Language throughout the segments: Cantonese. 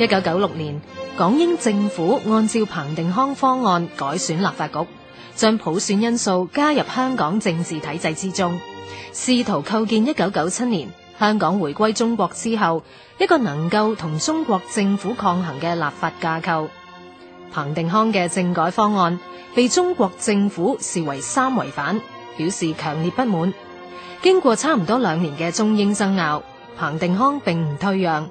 一九九六年，港英政府按照彭定康方案改選立法局，將普選因素加入香港政治體制之中，試圖構建一九九七年香港回歸中國之後一個能夠同中國政府抗衡嘅立法架構。彭定康嘅政改方案被中國政府視為三違反，表示強烈不滿。經過差唔多兩年嘅中英爭拗，彭定康並唔退讓。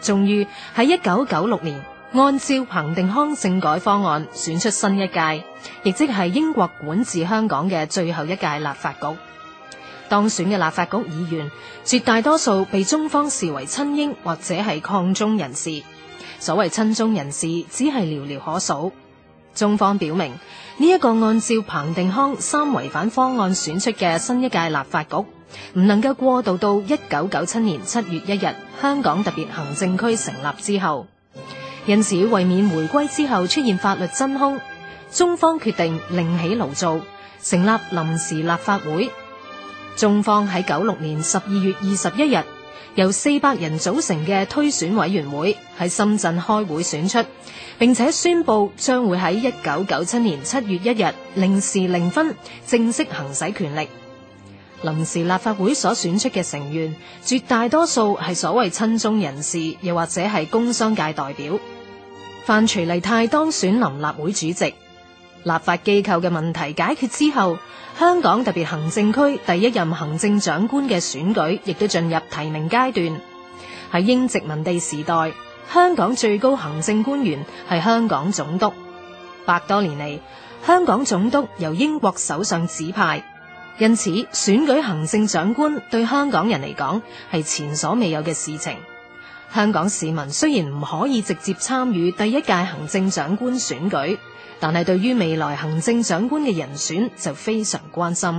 終於喺一九九六年，按照彭定康政改方案選出新一屆，亦即係英國管治香港嘅最後一屆立法局。當選嘅立法局議員，絕大多數被中方視為親英或者係抗中人士。所謂親中人士，只係寥寥可數。中方表明，呢、這、一個按照彭定康三違反方案選出嘅新一屆立法局，唔能夠過渡到一九九七年七月一日香港特別行政區成立之後，因此為免回歸之後出現法律真空，中方決定另起爐灶，成立臨時立法會。中方喺九六年十二月二十一日由四百人組成嘅推選委員會喺深圳開會選出，並且宣布將會喺一九九七年七月一日零時零分正式行使權力。臨時立法會所選出嘅成員，絕大多數係所謂親中人士，又或者係工商界代表。范徐麗泰當選臨立會主席。立法機構嘅問題解決之後，香港特別行政區第一任行政長官嘅選舉亦都進入提名階段。喺英殖民地時代，香港最高行政官員係香港總督。百多年嚟，香港總督由英國首相指派。因此，選舉行政長官對香港人嚟講係前所未有嘅事情。香港市民雖然唔可以直接參與第一屆行政長官選舉，但係對於未來行政長官嘅人選就非常關心。